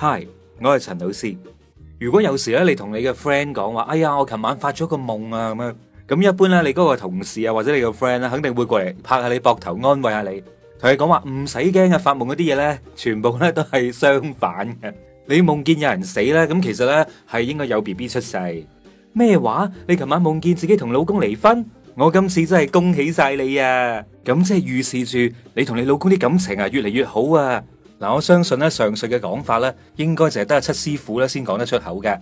嗨，Hi，我係陳老師。如果有時咧，你同你嘅 friend 講話，哎呀，我琴晚發咗個夢啊，咁樣咁一般咧，你嗰個同事啊，或者你個 friend 啊，肯定會過嚟拍下你膊頭安慰下你，同你講話唔使驚啊，發夢嗰啲嘢咧，全部咧都係相反嘅。你夢見有人死喇，咁其實咧係應該有 BB 出世。咩話？你琴晚夢見自己同老公離婚，我今次真係恭喜晒你啊！咁即係預示住你同你老公啲感情啊，越嚟越好啊！.嗱，我相信咧，上述嘅講法咧，應該就係得七師傅咧先講得出口嘅。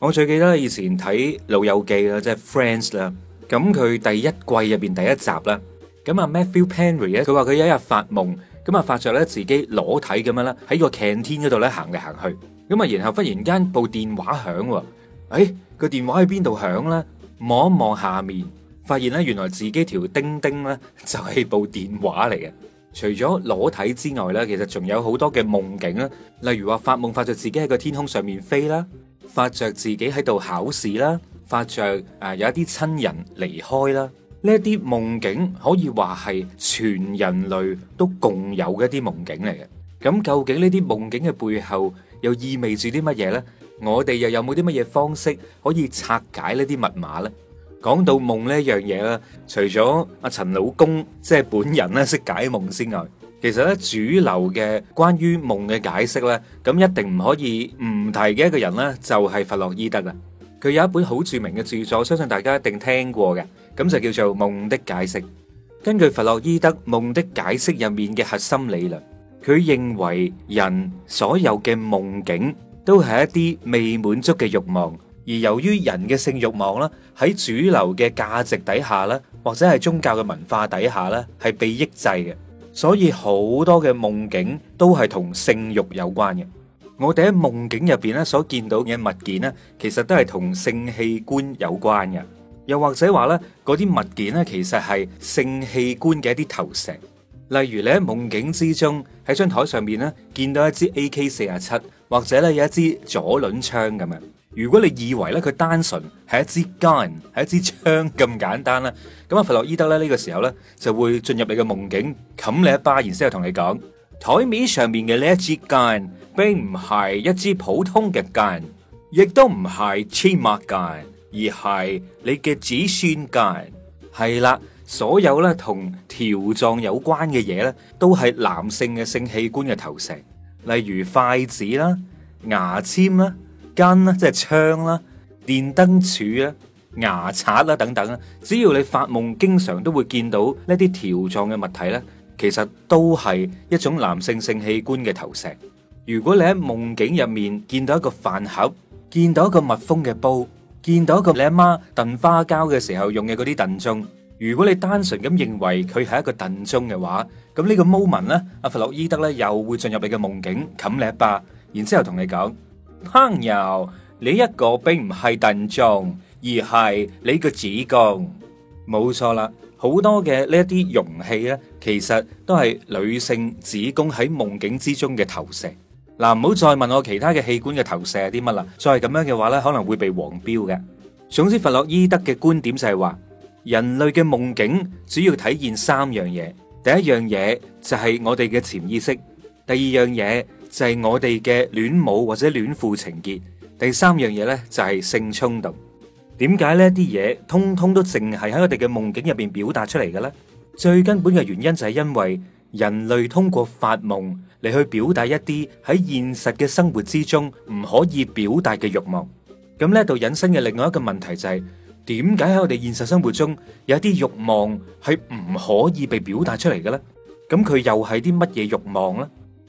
我最記得以前睇《老友記》啊、就，是、即係 Friends 啦，咁佢第一季入邊第一集啦，咁啊 Matthew p e n r y 咧，佢話佢有一日發夢，咁啊發着咧自己裸體咁樣啦，喺個 e 天嗰度咧行嚟行去，咁啊然後忽然間部電話響，哎，個電話喺邊度響咧？望一望下面，發現咧原來自己條丁丁咧就係部電話嚟嘅。除咗裸體之外咧，其實仲有好多嘅夢境啦，例如話發夢發着自己喺個天空上面飛啦，發着自己喺度考試啦，發着誒有一啲親人離開啦，呢一啲夢境可以話係全人類都共有嘅一啲夢境嚟嘅。咁究竟呢啲夢境嘅背後又意味住啲乜嘢呢？我哋又有冇啲乜嘢方式可以拆解呢啲密碼呢？講到夢呢一樣嘢咧，除咗阿陳老公即係本人咧識解夢之外，其實咧主流嘅關於夢嘅解釋咧，咁一定唔可以唔提嘅一個人咧就係弗洛伊德啦。佢有一本好著名嘅著作，相信大家一定聽過嘅，咁就叫做《夢的解釋》。根據弗洛伊德《夢的解釋》入面嘅核心理論，佢認為人所有嘅夢境都係一啲未滿足嘅慾望。而由於人嘅性慾望啦，喺主流嘅價值底下啦，或者係宗教嘅文化底下咧，係被抑制嘅，所以好多嘅夢境都係同性慾有關嘅。我哋喺夢境入邊咧所見到嘅物件咧，其實都係同性器官有關嘅，又或者話咧，嗰啲物件咧其實係性器官嘅一啲投射，例如你喺夢境之中喺張枱上面咧見到一支 AK47，或者咧有一支左輪槍咁樣。如果你以為咧佢單純係一支 gun，係一支槍咁簡單啦。咁阿弗洛伊德咧呢個時候咧就會進入你嘅夢境，冚你一巴，然後同你講：檯面上面嘅呢一支 gun 並唔係一支普通嘅 gun，亦都唔係千萬 gun，而係你嘅子孫 gun。係啦，所有咧同條狀有關嘅嘢咧，都係男性嘅性器官嘅投射，例如筷子啦、牙籤啦。間啦，即係窗啦、電燈柱啊、牙刷啦等等啦，只要你發夢，經常都會見到呢啲條狀嘅物體咧，其實都係一種男性性器官嘅投射。如果你喺夢境入面見到一個飯盒，見到一個密封嘅煲，見到一個你阿媽燉花膠嘅時候用嘅嗰啲燉盅，如果你單純咁認為佢係一個燉盅嘅話，咁呢個 moment 呢，阿弗洛伊德咧又會進入你嘅夢境冚你一巴，然之後同你講。朋友，你一個並唔係燉盅，而係你個子宮，冇錯啦。好多嘅呢一啲容器咧，其實都係女性子宮喺夢境之中嘅投射。嗱、啊，唔好再問我其他嘅器官嘅投射係啲乜啦。再係咁樣嘅話咧，可能會被黃標嘅。總之，弗洛伊德嘅觀點就係話，人類嘅夢境主要體現三樣嘢。第一樣嘢就係我哋嘅潛意識，第二樣嘢。就係我哋嘅戀母或者戀父情結，第三樣嘢呢就係性衝動。點解呢啲嘢通通都淨係喺我哋嘅夢境入邊表達出嚟嘅呢？最根本嘅原因就係因為人類通過發夢嚟去表達一啲喺現實嘅生活之中唔可以表達嘅欲望。咁呢度引申嘅另外一個問題就係點解喺我哋現實生活中有一啲欲望係唔可以被表達出嚟嘅呢？咁佢又係啲乜嘢欲望呢？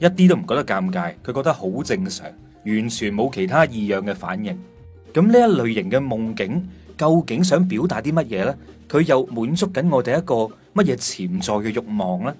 一啲都唔覺得尷尬，佢覺得好正常，完全冇其他異樣嘅反應。咁呢一類型嘅夢境究竟想表達啲乜嘢呢？佢又滿足緊我哋一個乜嘢潛在嘅慾望呢？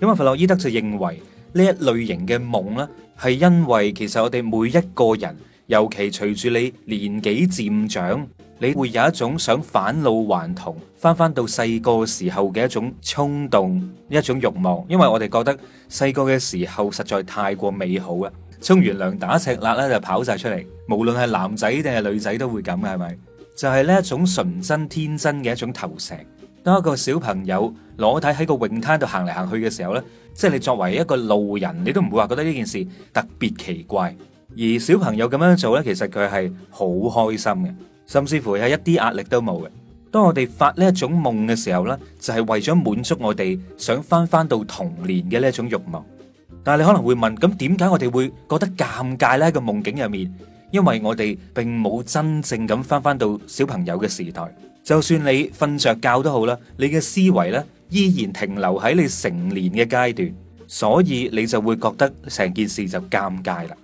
咁阿弗洛伊德就認為呢一類型嘅夢呢，係因為其實我哋每一個人，尤其隨住你年紀漸長。你會有一種想返老還童，翻翻到細個時候嘅一種衝動，一種慾望，因為我哋覺得細個嘅時候實在太過美好啦。沖完涼打赤肋咧就跑晒出嚟，無論係男仔定係女仔都會咁嘅，係咪？就係呢一種純真天真嘅一種投射。當一個小朋友裸體喺個泳灘度行嚟行去嘅時候呢，即係你作為一個路人，你都唔會話覺得呢件事特別奇怪。而小朋友咁樣做呢，其實佢係好開心嘅。甚至乎係一啲壓力都冇嘅。當我哋發呢一種夢嘅時候呢就係、是、為咗滿足我哋想翻翻到童年嘅呢一種慾望。但係你可能會問，咁點解我哋會覺得尷尬呢？喺、個夢境入面，因為我哋並冇真正咁翻翻到小朋友嘅時代。就算你瞓着覺都好啦，你嘅思維呢依然，停留喺你成年嘅階段，所以你就會覺得成件事就尷尬啦。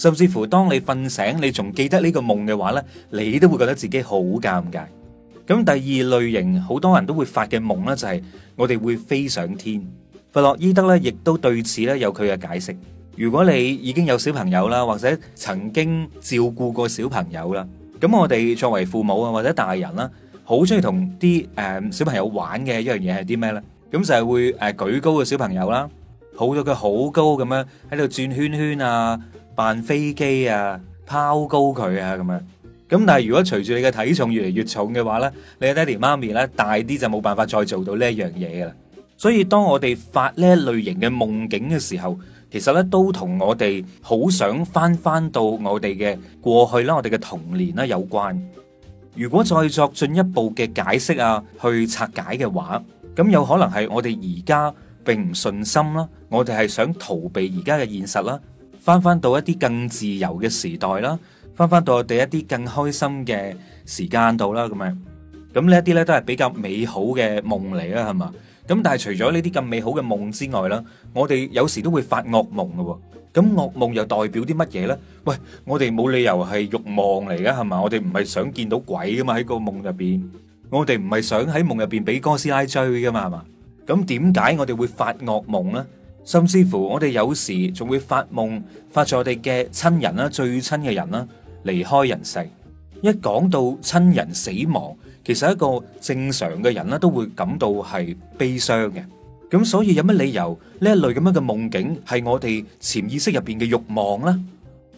甚至乎當你瞓醒，你仲記得呢個夢嘅話呢，你都會覺得自己好尷尬。咁第二類型好多人都會發嘅夢呢，就係我哋會飛上天。弗洛伊德呢，亦都對此呢有佢嘅解釋。如果你已經有小朋友啦，或者曾經照顧過小朋友啦，咁我哋作為父母啊或者大人啦，好中意同啲誒小朋友玩嘅一樣嘢係啲咩呢？咁就係會誒舉高個小朋友啦，抱到佢好高咁樣喺度轉圈圈啊！扮飛機啊，拋高佢啊，咁樣咁。但係如果隨住你嘅體重越嚟越重嘅話呢，你爹地媽咪呢，大啲就冇辦法再做到呢一樣嘢啦。所以當我哋發呢一類型嘅夢境嘅時候，其實呢都同我哋好想翻翻到我哋嘅過去啦，我哋嘅童年啦有關。如果再作進一步嘅解釋啊，去拆解嘅話，咁有可能係我哋而家並唔信心啦，我哋係想逃避而家嘅現實啦。翻翻到一啲更自由嘅時代啦，翻翻到我哋一啲更開心嘅時間度啦，咁樣，咁呢一啲咧都係比較美好嘅夢嚟啦，係嘛？咁但係除咗呢啲咁美好嘅夢之外啦，我哋有時都會發惡夢㗎喎。咁惡夢又代表啲乜嘢咧？喂，我哋冇理由係慾望嚟㗎，係嘛？我哋唔係想見到鬼噶嘛？喺個夢入邊，我哋唔係想喺夢入邊俾哥斯拉追噶嘛？係嘛？咁點解我哋會發惡夢咧？甚至乎我哋有時仲會發夢，發咗我哋嘅親人啦，最親嘅人啦，離開人世。一講到親人死亡，其實一個正常嘅人咧都會感到係悲傷嘅。咁所以有乜理由呢一類咁樣嘅夢境係我哋潛意識入邊嘅慾望呢？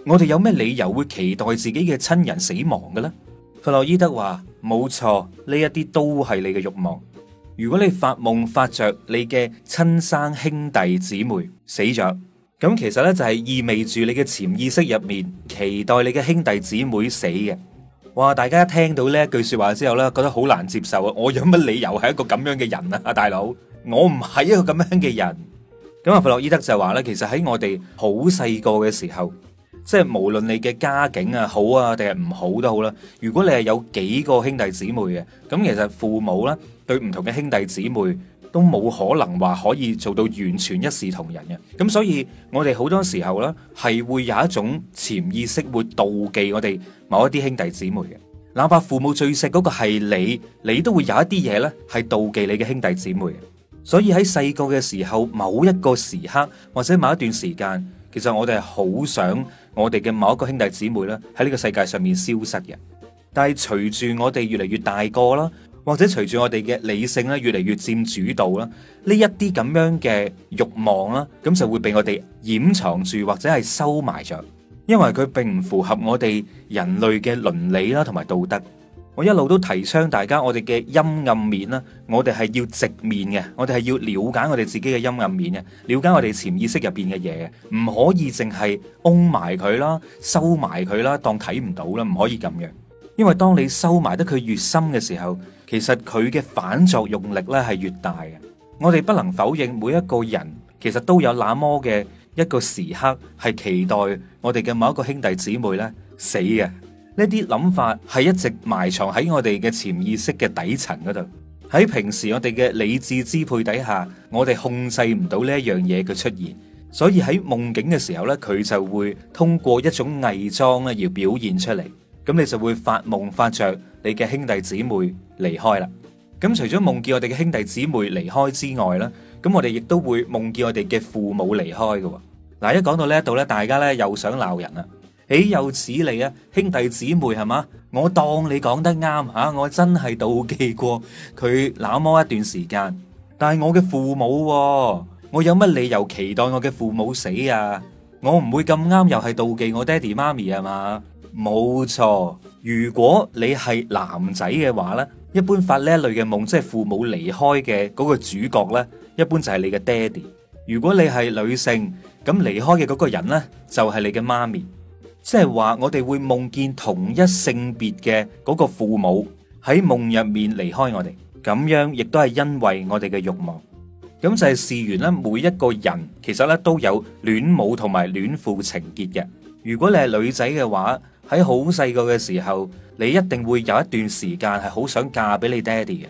我哋有咩理由會期待自己嘅親人死亡嘅咧？弗洛伊德話：冇錯，呢一啲都係你嘅慾望。如果你發夢發着你嘅親生兄弟姊妹死着，咁其實呢，就係意味住你嘅潛意識入面期待你嘅兄弟姊妹死嘅。哇！大家一聽到呢句說話之後呢，覺得好難接受啊！我有乜理由係一個咁樣嘅人啊？大佬，我唔係一個咁樣嘅人。咁阿弗洛伊德就話呢，其實喺我哋好細個嘅時候，即係無論你嘅家境啊好啊定係唔好都好啦，如果你係有幾個兄弟姊妹嘅，咁其實父母啦。對唔同嘅兄弟姊妹都冇可能話可以做到完全一視同仁嘅，咁所以我哋好多時候呢係會有一種潛意識會妒忌我哋某一啲兄弟姊妹嘅，哪怕父母最錫嗰個係你，你都會有一啲嘢呢係妒忌你嘅兄弟姊妹嘅。所以喺細個嘅時候，某一個時刻或者某一段時間，其實我哋係好想我哋嘅某一個兄弟姊妹咧喺呢個世界上面消失嘅。但係隨住我哋越嚟越大個啦，或者隨住我哋嘅理性咧越嚟越佔主導啦，呢一啲咁樣嘅欲望啦，咁就會被我哋掩藏住或者係收埋着，因為佢並唔符合我哋人類嘅倫理啦同埋道德。我一路都提倡大家我，我哋嘅陰暗面啦，我哋係要直面嘅，我哋係要了解我哋自己嘅陰暗面嘅，了解我哋潛意識入邊嘅嘢，唔可以淨係擁埋佢啦、收埋佢啦、當睇唔到啦，唔可以咁樣。因為當你收埋得佢越深嘅時候，其實佢嘅反作用力咧係越大嘅。我哋不能否認每一個人其實都有那麼嘅一個時刻係期待我哋嘅某一個兄弟姊妹咧死嘅。呢啲諗法係一直埋藏喺我哋嘅潛意識嘅底層嗰度。喺平時我哋嘅理智支配底下，我哋控制唔到呢一樣嘢嘅出現，所以喺夢境嘅時候咧，佢就會通過一種偽裝咧而表現出嚟。咁你就會發夢發著你嘅兄弟姊妹離開啦。咁除咗夢見我哋嘅兄弟姊妹離開之外啦，咁我哋亦都會夢見我哋嘅父母離開嘅。嗱，一講到呢一度咧，大家咧又想鬧人啦。豈有此理啊，兄弟姊妹係嘛？我當你講得啱吓，我真係妒忌過佢那麼一段時間，但係我嘅父母，我有乜理由期待我嘅父母死啊？我唔會咁啱又係妒忌我爹哋媽咪係嘛？冇錯，如果你係男仔嘅話呢，一般發呢一類嘅夢，即係父母離開嘅嗰個主角呢，一般就係你嘅爹哋；如果你係女性，咁離開嘅嗰個人呢，就係你嘅媽咪。即係話我哋會夢見同一性別嘅嗰個父母喺夢入面離開我哋，咁樣亦都係因為我哋嘅慾望。咁就係事緣咧，每一個人其實呢都有戀母同埋戀父情結嘅。如果你係女仔嘅話，喺好細個嘅時候，你一定會有一段時間係好想嫁俾你爹哋嘅。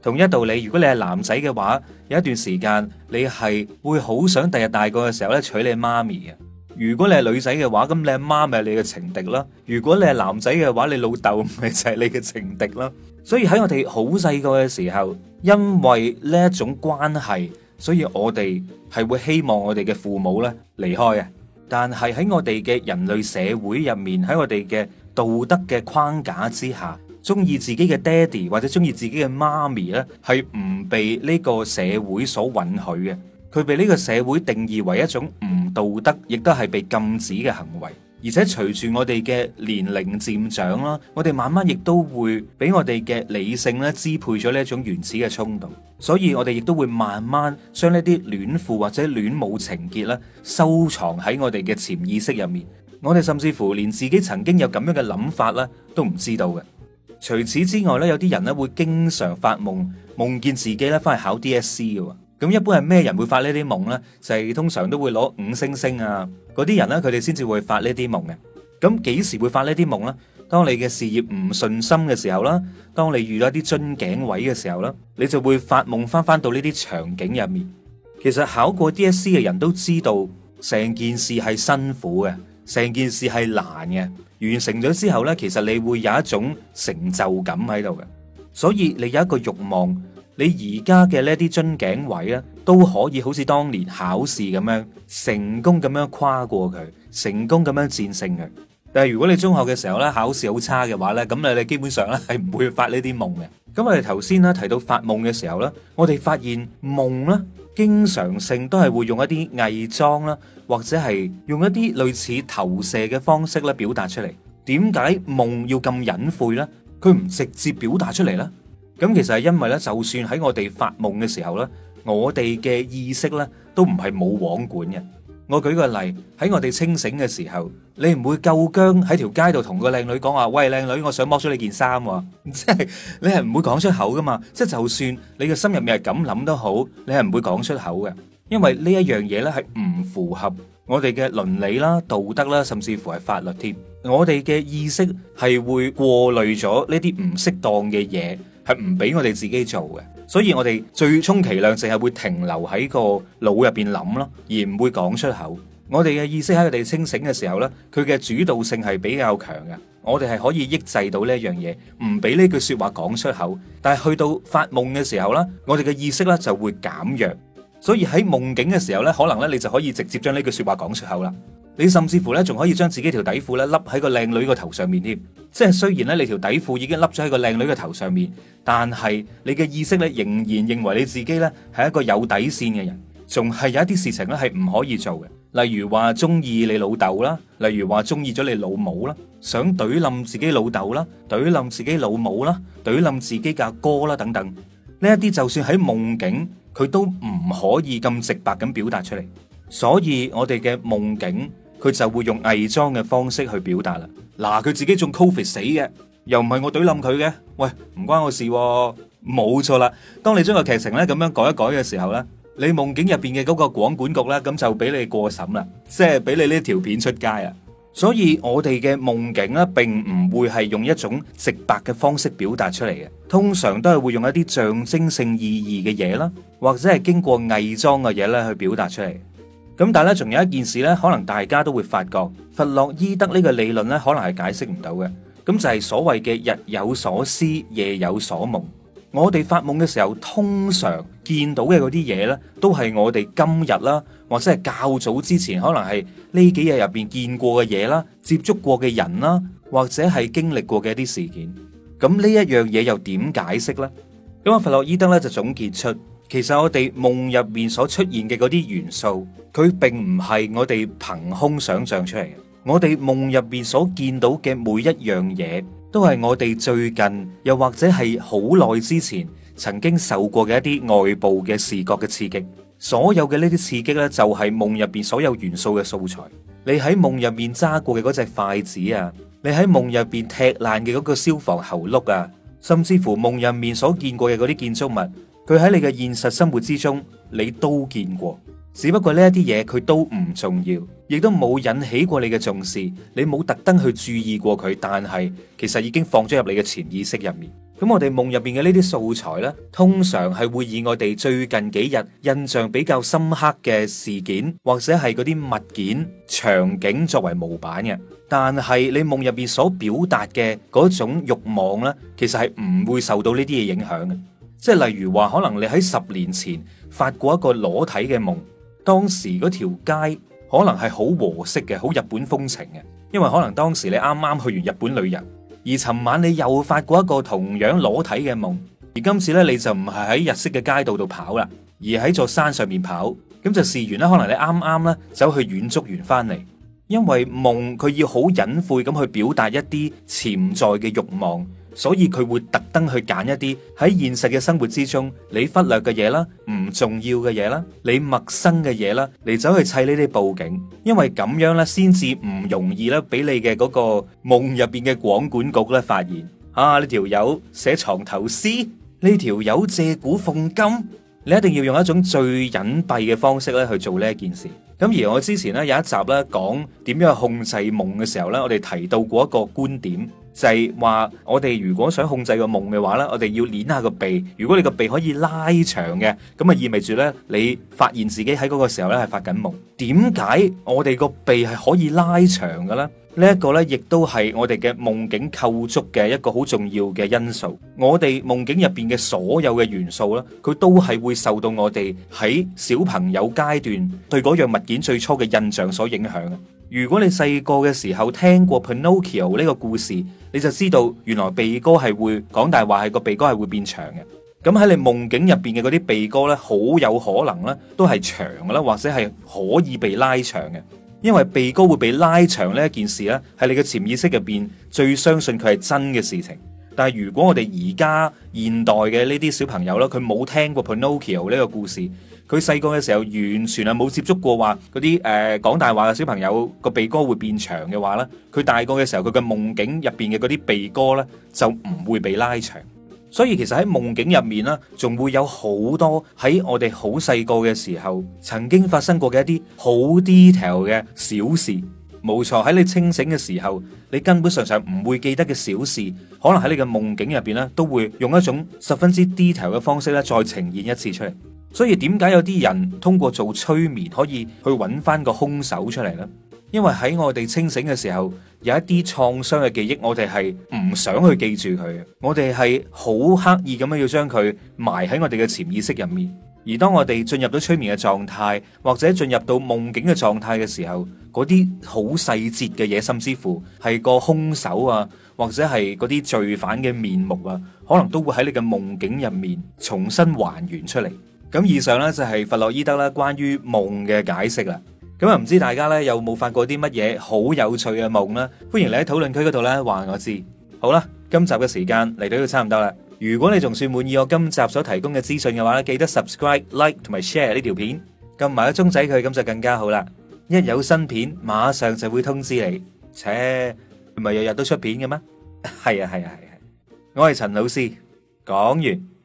同一道理，如果你係男仔嘅話，有一段時間你係會好想第日大個嘅時候咧娶你媽咪嘅。如果你係女仔嘅話，咁你阿媽咪係你嘅情敵啦。如果你係男仔嘅話，你老豆咪就係你嘅情敵啦。所以喺我哋好細個嘅時候，因為呢一種關係，所以我哋係會希望我哋嘅父母咧離開嘅。但係喺我哋嘅人類社會入面，喺我哋嘅道德嘅框架之下，中意自己嘅爹哋或者中意自己嘅媽咪，呢係唔被呢個社會所允許嘅。佢被呢個社會定義為一種唔道德，亦都係被禁止嘅行為。而且隨住我哋嘅年齡漸長啦，我哋慢慢亦都會俾我哋嘅理性咧支配咗呢一種原始嘅衝動，所以我哋亦都會慢慢將呢啲戀父或者戀母情結咧收藏喺我哋嘅潛意識入面。我哋甚至乎連自己曾經有咁樣嘅諗法咧都唔知道嘅。除此之外咧，有啲人咧會經常發夢，夢見自己咧返去考 DSC 嘅。咁一般係咩人會發呢啲夢呢？就係通常都會攞五星星啊嗰啲人呢，佢哋先至會發呢啲夢嘅。咁幾時會發呢啲夢呢？當你嘅事業唔順心嘅時候啦，當你遇到一啲樽頸位嘅時候啦，你就會發夢翻翻到呢啲場景入面。其實考過 DSE 嘅人都知道，成件事係辛苦嘅，成件事係難嘅。完成咗之後呢，其實你會有一種成就感喺度嘅，所以你有一個慾望。你而家嘅呢啲樽頸位咧，都可以好似當年考試咁樣成功咁樣跨過佢，成功咁樣戰勝佢。但係如果你中學嘅時候咧考試好差嘅話咧，咁你你基本上咧係唔會發呢啲夢嘅。咁我哋頭先咧提到發夢嘅時候咧，我哋發現夢咧經常性都係會用一啲偽裝啦，或者係用一啲類似投射嘅方式咧表達出嚟。點解夢要咁隱晦咧？佢唔直接表達出嚟咧？咁其實係因為咧，就算喺我哋發夢嘅時候咧，我哋嘅意識咧都唔係冇王管嘅。我舉個例，喺我哋清醒嘅時候，你唔會夠薑喺條街度同個靚女講話，喂靚女，我想剝咗你件衫喎，即係你係唔會講出口㗎嘛。即係就算你嘅心入面係咁諗都好，你係唔會講出口嘅，因為呢一樣嘢咧係唔符合我哋嘅倫理啦、道德啦，甚至乎係法律添。我哋嘅意識係會過濾咗呢啲唔適當嘅嘢。係唔俾我哋自己做嘅，所以我哋最充其量淨係會停留喺個腦入邊諗咯，而唔會講出口。我哋嘅意識喺佢哋清醒嘅時候咧，佢嘅主導性係比較強嘅，我哋係可以抑制到呢樣嘢，唔俾呢句說話講出口。但係去到發夢嘅時候啦，我哋嘅意識咧就會減弱，所以喺夢境嘅時候咧，可能咧你就可以直接將呢句說話講出口啦。你甚至乎咧，仲可以將自己條底褲咧，笠喺個靚女個頭上面添。即係雖然咧，你條底褲已經笠咗喺個靚女嘅頭上面，但係你嘅意識咧，仍然認為你自己咧係一個有底線嘅人，仲係有一啲事情咧係唔可以做嘅。例如話中意你老豆啦，例如話中意咗你老母啦，想懟冧自己老豆啦，懟冧自己老母啦，懟冧自己嘅阿哥啦等等。呢一啲就算喺夢境，佢都唔可以咁直白咁表達出嚟。所以我哋嘅夢境。佢就會用偽裝嘅方式去表達啦。嗱，佢自己中 Covid 死嘅，又唔係我懟冧佢嘅。喂，唔關我事，冇錯啦。當你將個劇情咧咁樣改一改嘅時候咧，你夢境入邊嘅嗰個廣管局咧，咁就俾你過審啦，即係俾你呢條片出街啊。所以我哋嘅夢境咧，並唔會係用一種直白嘅方式表達出嚟嘅，通常都係會用一啲象徵性意義嘅嘢啦，或者係經過偽裝嘅嘢咧去表達出嚟。咁但係咧，仲有一件事呢，可能大家都會發覺，弗洛伊德呢個理論呢，可能係解釋唔到嘅。咁就係所謂嘅日有所思，夜有所夢。我哋發夢嘅時候，通常見到嘅嗰啲嘢呢，都係我哋今日啦，或者係較早之前，可能係呢幾日入邊見過嘅嘢啦，接觸過嘅人啦，或者係經歷過嘅一啲事件。咁呢一樣嘢又點解釋呢？咁啊，弗洛伊德呢就總結出。其實我哋夢入面所出現嘅嗰啲元素，佢並唔係我哋憑空想象出嚟嘅。我哋夢入面所見到嘅每一樣嘢，都係我哋最近，又或者係好耐之前曾經受過嘅一啲外部嘅視覺嘅刺激。所有嘅呢啲刺激呢，就係夢入面所有元素嘅素材。你喺夢入面揸過嘅嗰隻筷子啊，你喺夢入面踢爛嘅嗰個消防喉轆啊，甚至乎夢入面所見過嘅嗰啲建築物。佢喺你嘅現實生活之中，你都見過，只不過呢一啲嘢佢都唔重要，亦都冇引起過你嘅重視，你冇特登去注意過佢，但係其實已經放咗入你嘅潛意識入面。咁我哋夢入面嘅呢啲素材呢，通常係會以我哋最近幾日印象比較深刻嘅事件或者係嗰啲物件、場景作為模板嘅。但係你夢入面所表達嘅嗰種慾望呢，其實係唔會受到呢啲嘢影響嘅。即係例如話，可能你喺十年前發過一個裸體嘅夢，當時嗰條街可能係好和式嘅，好日本風情嘅，因為可能當時你啱啱去完日本旅遊。而尋晚你又發過一個同樣裸體嘅夢，而今次呢，你就唔係喺日式嘅街道度跑啦，而喺座山上面跑，咁就事緣啦。可能你啱啱呢走去遠足完返嚟，因為夢佢要好隱晦咁去表達一啲潛在嘅慾望。所以佢會特登去揀一啲喺現實嘅生活之中你忽略嘅嘢啦，唔重要嘅嘢啦，你陌生嘅嘢啦，嚟走去砌呢啲布景，因為咁樣咧，先至唔容易咧俾你嘅嗰個夢入邊嘅廣管局咧發現。啊，你條友寫藏頭詩，呢條友借古諷今，你一定要用一種最隱蔽嘅方式咧去做呢一件事。咁而我之前咧有一集咧講點樣去控制夢嘅時候咧，我哋提到過一個觀點。就係話我哋如果想控制個夢嘅話呢，我哋要捻下個鼻。如果你個鼻可以拉長嘅，咁啊意味住呢，你發現自己喺嗰個時候呢係發緊夢。點解我哋個鼻係可以拉長嘅咧？呢一個呢，亦都係我哋嘅夢境構築嘅一個好重要嘅因素。我哋夢境入邊嘅所有嘅元素呢，佢都係會受到我哋喺小朋友階段對嗰樣物件最初嘅印象所影響嘅。如果你細個嘅時候聽過 Pinocchio 呢個故事，你就知道原來鼻哥係會講大話，係個鼻哥係會變長嘅。咁喺你夢境入邊嘅嗰啲鼻哥呢，好有可能呢都係長嘅啦，或者係可以被拉長嘅。因為鼻哥會被拉長呢一件事呢，係你嘅潛意識入邊最相信佢係真嘅事情。但係如果我哋而家現代嘅呢啲小朋友呢，佢冇聽過 Pinocchio 呢個故事。佢細個嘅時候完全係冇接觸過話嗰啲誒講大話嘅小朋友個鼻哥會變長嘅話咧，佢大個嘅時候佢嘅夢境入邊嘅嗰啲鼻哥咧就唔會被拉長，所以其實喺夢境入面咧仲會有好多喺我哋好細個嘅時候曾經發生過嘅一啲好 detail 嘅小事，冇錯，喺你清醒嘅時候你根本常常唔會記得嘅小事，可能喺你嘅夢境入邊咧都會用一種十分之 detail 嘅方式咧再呈現一次出嚟。所以點解有啲人通過做催眠可以去搵翻個兇手出嚟呢？因為喺我哋清醒嘅時候，有一啲創傷嘅記憶，我哋係唔想去記住佢，我哋係好刻意咁樣要將佢埋喺我哋嘅潛意識入面。而當我哋進入到催眠嘅狀態，或者進入到夢境嘅狀態嘅時候，嗰啲好細節嘅嘢，甚至乎係個兇手啊，或者係嗰啲罪犯嘅面目啊，可能都會喺你嘅夢境入面重新還原出嚟。咁以上咧，就係弗洛伊德啦，關於夢嘅解釋啦。咁啊，唔知大家咧有冇發過啲乜嘢好有趣嘅夢啦？歡迎你喺討論區嗰度咧話我知。好啦，今集嘅時間嚟到都差唔多啦。如果你仲算滿意我今集所提供嘅資訊嘅話咧，記得 subscribe、like 同埋 share 呢條片，撳埋個鐘仔佢咁就更加好啦。一有新片，馬上就會通知你。切，唔係日日都出片嘅咩？係啊，係啊，係啊。我係陳老師，講完。